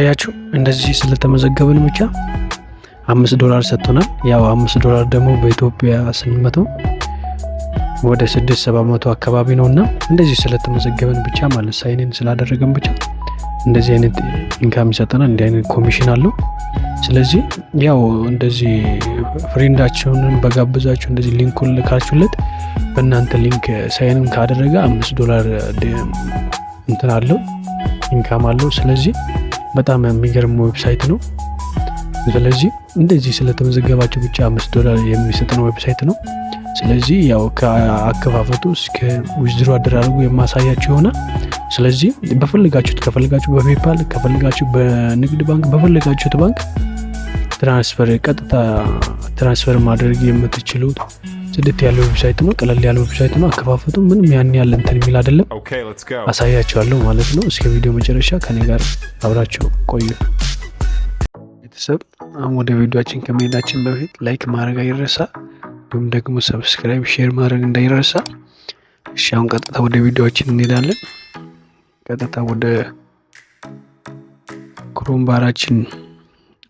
አያችሁ እንደዚህ ስለተመዘገብን ብቻ አምስት ዶላር ሰጥቶናል። ያው አምስት ዶላር ደግሞ በኢትዮጵያ ስንመተው ወደ ስድስት ሰባ መቶ አካባቢ ነው እና እንደዚህ ስለተመዘገብን ብቻ ማለት ሳይንን ስላደረገን ብቻ እንደዚህ አይነት ኢንካም ይሰጠናል። እንዲህ አይነት ኮሚሽን አለው። ስለዚህ ያው እንደዚህ ፍሬንዳችሁንን በጋብዛችሁ እንደዚህ ሊንኩን ልካችሁለት በእናንተ ሊንክ ሳይንን ካደረገ አምስት ዶላር እንትን አለው ኢንካም አለው። ስለዚህ በጣም የሚገርም ዌብሳይት ነው። ስለዚህ እንደዚህ ስለተመዘገባቸው ብቻ አምስት ዶላር የሚሰጥ ነው ዌብሳይት ነው። ስለዚህ ያው ከአከፋፈቱ እስከ ዊዝድሮ አደራረጉ የማሳያቸው ይሆናል። ስለዚህ በፈልጋችሁት ከፈልጋችሁ በፔፓል ከፈለጋችሁ በንግድ ባንክ በፈለጋችሁት ባንክ ትራንስፈር ቀጥታ ትራንስፈር ማድረግ የምትችሉት ጽድት ያለ ዌብሳይት ነው። ቀለል ያለ ዌብሳይት ነው። አከፋፈቱ ምንም ያን ያለ እንትን የሚል አይደለም። አሳያቸዋለሁ ማለት ነው። እስከ ቪዲዮ መጨረሻ ከኔ ጋር አብራቸው ቆዩ ቤተሰብ። አሁን ወደ ቪዲዮችን ከመሄዳችን በፊት ላይክ ማድረግ አይረሳ፣ እንዲሁም ደግሞ ሰብስክራይብ፣ ሼር ማድረግ እንዳይረሳ። እሺ አሁን ቀጥታ ወደ ቪዲዮችን እንሄዳለን። ቀጥታ ወደ ክሮም ባራችን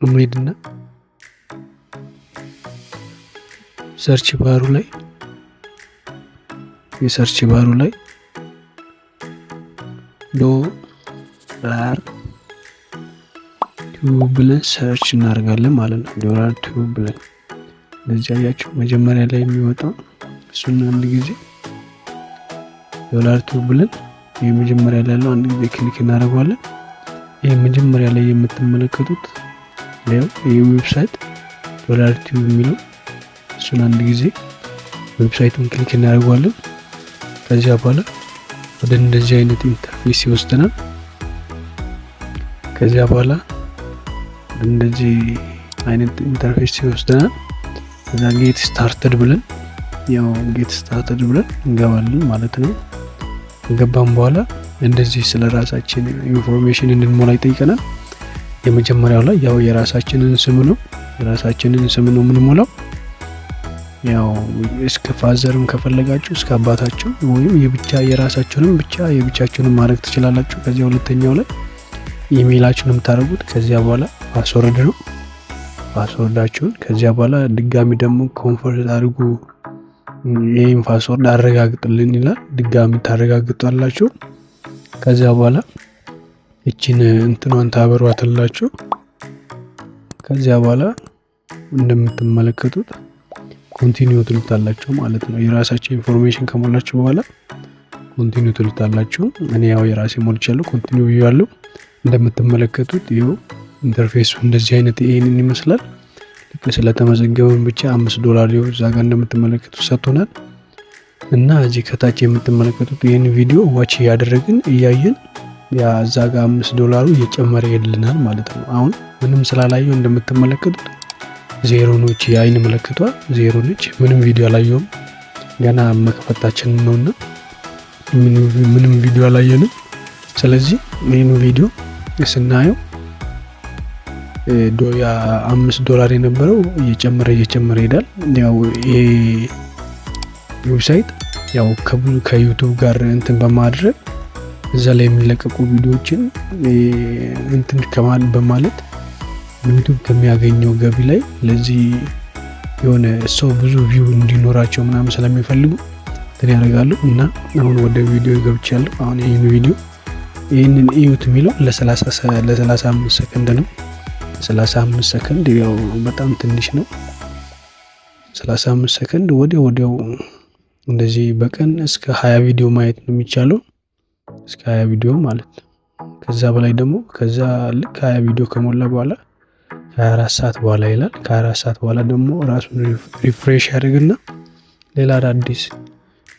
እንሄድና ሰርች ባሩ ላይ የሰርች ባሩ ላይ ዶላር ቲዩብ ብለን ሰርች እናደርጋለን ማለት ነው። ዶላር ቲዩብ ብለን እንደዚህ አያችሁ መጀመሪያ ላይ የሚወጣው እሱን አንድ ጊዜ ዶላር ቲዩብ ብለን ይህ መጀመሪያ ላይ ያለው አንድ ጊዜ ክሊክ እናደርገዋለን። ይህ መጀመሪያ ላይ የምትመለከቱት ይህ ዌብሳይት ዶላር ቲዩብ የሚለው እሱን አንድ ጊዜ ዌብሳይቱን ክሊክ እናደርገዋለን። ከዚያ በኋላ ወደ እንደዚህ አይነት ኢንተርፌስ ይወስደናል። ከዚያ በኋላ እንደዚህ አይነት ኢንተርፌስ ይወስደናል። ከዛ ጌት ስታርተድ ብለን ያው ጌት ስታርተድ ብለን እንገባለን ማለት ነው። ከገባም በኋላ እንደዚህ ስለ ራሳችን ኢንፎርሜሽን እንድንሞላ ይጠይቀናል። የመጀመሪያው ላይ ያው የራሳችንን ስም ነው የራሳችንን ስም ነው የምንሞላው። ያው እስከ ፋዘርም ከፈለጋችሁ እስከ አባታችሁ ወይም የብቻ የራሳችሁንም ብቻ የብቻችሁንም ማድረግ ትችላላችሁ። ከዚያ ሁለተኛው ላይ ኢሜይላችሁን የምታደርጉት ከዚያ በኋላ ፓስወርድ ነው። ፓስወርዳችሁን ከዚያ በኋላ ድጋሚ ደግሞ ኮንፈርት አድርጉ፣ ይህም ፓስወርድ አረጋግጥልን ይላል። ድጋሚ ታረጋግጣላችሁ። ከዚያ በኋላ እችን እንትኗን ታበሯትላችሁ። ከዚያ በኋላ እንደምትመለከቱት ኮንቲኒው ትሉታላችሁ ማለት ነው። የራሳቸው ኢንፎርሜሽን ከሞላችሁ በኋላ ኮንቲኒ ትሉታላችሁ። እኔ ያው የራሴ ሞልቻለሁ፣ ኮንቲኒው ብያለሁ። እንደምትመለከቱት ይኸው ኢንተርፌሱ እንደዚህ አይነት ይሄንን ይመስላል። ልክ ስለተመዘገበን ብቻ አምስት ዶላር ሊሆን እዛ ጋር እንደምትመለከቱት ሰጥቶናል። እና እዚህ ከታች የምትመለከቱት ይህን ቪዲዮ ዋች እያደረግን እያየን እዛ ጋር አምስት ዶላሩ እየጨመረ ይልናል ማለት ነው። አሁን ምንም ስላላየው እንደምትመለከቱት ዜሮ ነች፣ የአይን ምልክቷ ዜሮ ነች። ምንም ቪዲዮ አላየውም ገና መክፈታችን ነውና ምንም ቪዲዮ አላየንም። ስለዚህ ይህን ቪዲዮ ስናየው አምስት ዶላር የነበረው እየጨመረ እየጨመረ ይሄዳል። ያው ይሄ ዌብሳይት ያው ከዩቱብ ጋር እንትን በማድረግ እዛ ላይ የሚለቀቁ ቪዲዮዎችን እንትን በማለት ዩቱብ ከሚያገኘው ገቢ ላይ ለዚህ የሆነ ሰው ብዙ ቪው እንዲኖራቸው ምናምን ስለሚፈልጉ ትን ያደርጋሉ እና አሁን ወደ ቪዲዮ ገብች ያለው አሁን ይህን ቪዲዮ ይህንን እዩት የሚለው ለ35 ሰከንድ ነው 35 ሰከንድ ያው በጣም ትንሽ ነው 35 ሰከንድ ወዲያ ወዲያው እንደዚህ በቀን እስከ 20 ቪዲዮ ማየት ነው የሚቻለው እስከ 20 ቪዲዮ ማለት ነው ከዛ በላይ ደግሞ ከዛ ልክ 20 ቪዲዮ ከሞላ በኋላ ከአራት 24 ሰዓት በኋላ ይላል። ከ24 ሰዓት በኋላ ደግሞ ራሱን ሪፍሬሽ ያደርግና ሌላ አዳዲስ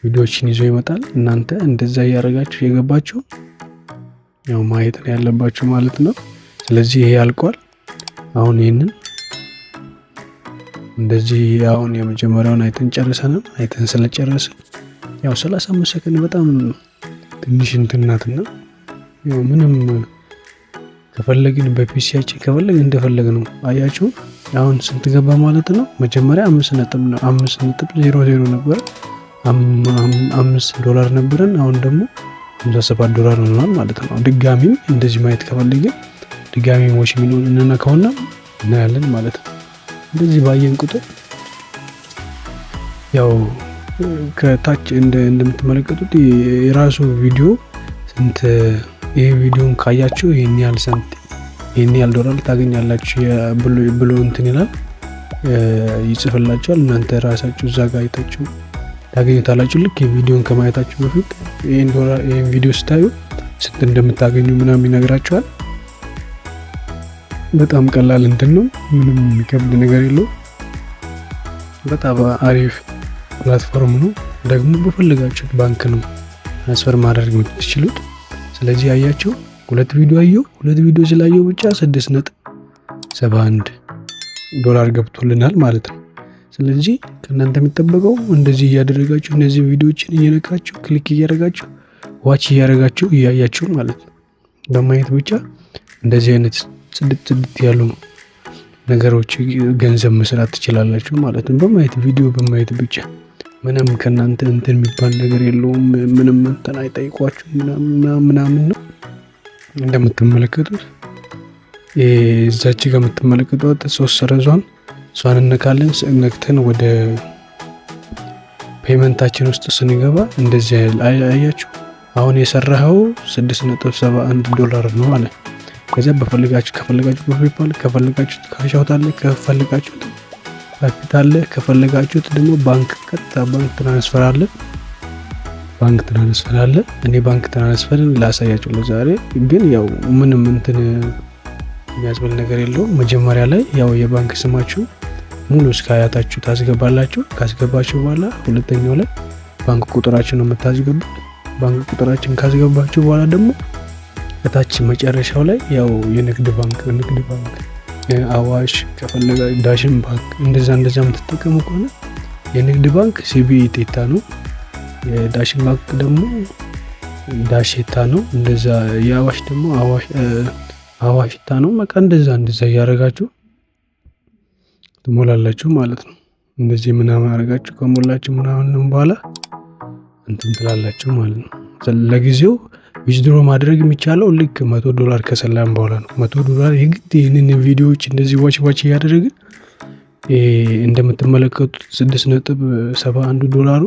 ቪዲዮዎችን ይዞ ይመጣል። እናንተ እንደዛ እያደረጋችሁ እየገባችሁ ያው ማየት ነው ያለባችሁ ማለት ነው። ስለዚህ ይሄ ያልቋል። አሁን ይህንን እንደዚህ አሁን የመጀመሪያውን አይተን ጨርሰናል። አይተን ስለጨረስን ያው 35 ሰከንድ በጣም ትንሽ እንትናትና ያው ምንም ከፈለግን በፒሲያችን ከፈለግን እንደፈለግ ነው። አያችሁ አሁን ስንት ገባ ማለት ነው? መጀመሪያ አምስት ነጥብ ነው አምስት ነጥብ ዜሮ ዜሮ ነበረ አምስት ዶላር ነበረን። አሁን ደግሞ ሃምሳ ሰባት ዶላር ሆኗል ማለት ነው። ድጋሚም እንደዚህ ማየት ከፈለግን ድጋሚ ሞሽ የሚሆን እንነካውና እናያለን ማለት ነው። እንደዚህ ባየን ቁጥር ያው ከታች እንደምትመለከቱት የራሱ ቪዲዮ ስንት ይህ ቪዲዮን ካያችሁ ይህን ያህል ሰንት ይህን ያህል ዶላር ታገኛላችሁ ብሎ እንትን ይላል ይጽፍላችኋል። እናንተ ራሳችሁ እዛ ጋ አይታችሁ ታገኙታላችሁ። ልክ ቪዲዮን ከማየታችሁ በፊት ይህን ቪዲዮ ስታዩ ስንት እንደምታገኙ ምናምን ይነግራችኋል። በጣም ቀላል እንትን ነው። ምንም የሚከብድ ነገር የለው። በጣም አሪፍ ፕላትፎርም ነው። ደግሞ በፈለጋችሁት ባንክ ነው ትራንስፈር ማድረግ የምትችሉት። ስለዚህ ያያቸው ሁለት ቪዲዮ አየሁ። ሁለት ቪዲዮ ስላየሁ ብቻ ስድስት ዶላር ገብቶልናል ማለት ነው። ስለዚህ ከእናንተ የሚጠበቀው እንደዚህ እያደረጋችሁ እነዚህ ቪዲዮዎችን እየነካችሁ ክሊክ እያደረጋችሁ ዋች እያደረጋችሁ እያያችሁ ማለት ነው። በማየት ብቻ እንደዚህ አይነት ጽድት ጽድት ያሉ ነገሮች ገንዘብ መስራት ትችላላችሁ ማለት ነው። በማየት ቪዲዮ በማየት ብቻ ምንም ከእናንተ እንትን የሚባል ነገር የለውም። ምንም እንትን አይጠይቋችሁ ምናምን ነው። እንደምትመለከቱት እዛች ጋር የምትመለከቷት ሶስት ሰረዟን እሷን እነካለን። ነክተን ወደ ፔመንታችን ውስጥ ስንገባ እንደዚህ አያችሁ። አሁን የሰራኸው 6.71 ዶላር ነው አለ። ከዚያ በፈልጋችሁ ከፈልጋችሁ በፔፓል ከፈልጋችሁ ካሽ ከፈልጋችሁ አለ። ከፈለጋችሁት ደግሞ ባንክ ቀጥታ ባንክ ትራንስፈር አለ። ባንክ ትራንስፈር አለ። እኔ ባንክ ትራንስፈርን ላሳያችሁ ለዛሬ ግን ያው ምንም እንትን የሚያስብል ነገር የለውም። መጀመሪያ ላይ ያው የባንክ ስማችሁ ሙሉ እስከ አያታችሁ ታስገባላችሁ። ካስገባችሁ በኋላ ሁለተኛው ላይ ባንክ ቁጥራችን ነው የምታስገቡት። ባንክ ቁጥራችን ካስገባችሁ በኋላ ደግሞ ከታች መጨረሻው ላይ ያው የንግድ ባንክ ንግድ ባንክ አዋሽ ከፈለጋ ዳሽን ባንክ እንደዛ እንደዛ የምትጠቀሙ ከሆነ የንግድ ባንክ ሲቢ ቴታ ነው። የዳሽን ባንክ ደግሞ ዳሽታ ነው። እንደዛ የአዋሽ ደግሞ አዋሽታ ነው። በቃ እንደዛ እንደዛ እያደረጋችሁ ትሞላላችሁ ማለት ነው። እንደዚህ ምናምን አደረጋችሁ ከሞላችሁ ምናምን በኋላ እንትን ትላላችሁ ማለት ነው ለጊዜው ዊዝድሮ ማድረግ የሚቻለው ልክ መቶ ዶላር ከሰላም በኋላ ነው። መቶ ዶላር የግድ ይህንን ቪዲዮዎች እንደዚህ ዋች ዋች እያደረግን እንደምትመለከቱት ስድስት ነጥብ ሰባ አንዱ ዶላሩ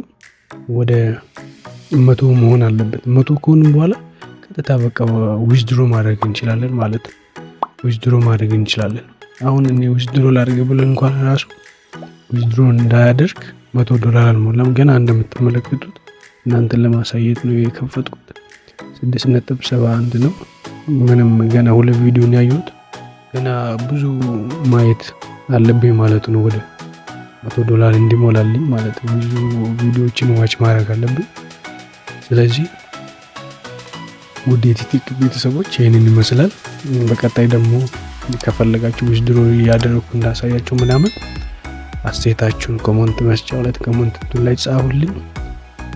ወደ መቶ መሆን አለበት። መቶ ከሆንም በኋላ ቀጥታ በቃ ዊዝድሮ ማድረግ እንችላለን ማለት ነው። ዊዝድሮ ማድረግ እንችላለን። አሁን እኔ ዊዝድሮ ላድርግ ብለን እንኳን ራሱ ዊዝድሮ እንዳያደርግ መቶ ዶላር አልሞላም ገና እንደምትመለከቱት እናንተን ለማሳየት ነው የከፈትኩት። ስድስት ነጥብ ሰባ አንድ ነው። ምንም ገና ሁለት ቪዲዮ ያዩት ገና ብዙ ማየት አለብኝ ማለት ነው። ወደ መቶ ዶላር እንዲሞላልኝ ማለት ነው። ብዙ ቪዲዮዎችን ዋች ማድረግ አለብኝ። ስለዚህ ውድ የቲቲክ ቤተሰቦች ይህንን ይመስላል። በቀጣይ ደግሞ ከፈለጋችሁ ዊዝድሮ እያደረግኩ እንዳሳያችሁ ምናምን አስተያየታችሁን ኮመንት መስጫው ላይ ኮመንት ላይ ጻፉልኝ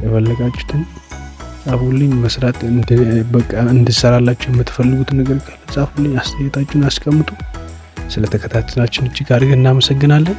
የፈለጋችሁትን ጻፉልኝ። መስራት በቃ እንድሰራላችሁ የምትፈልጉት ነገር ካለ ጻፉልኝ። አስተያየታችሁን አስቀምጡ። ስለተከታተላችን እጅግ አድርገን እናመሰግናለን።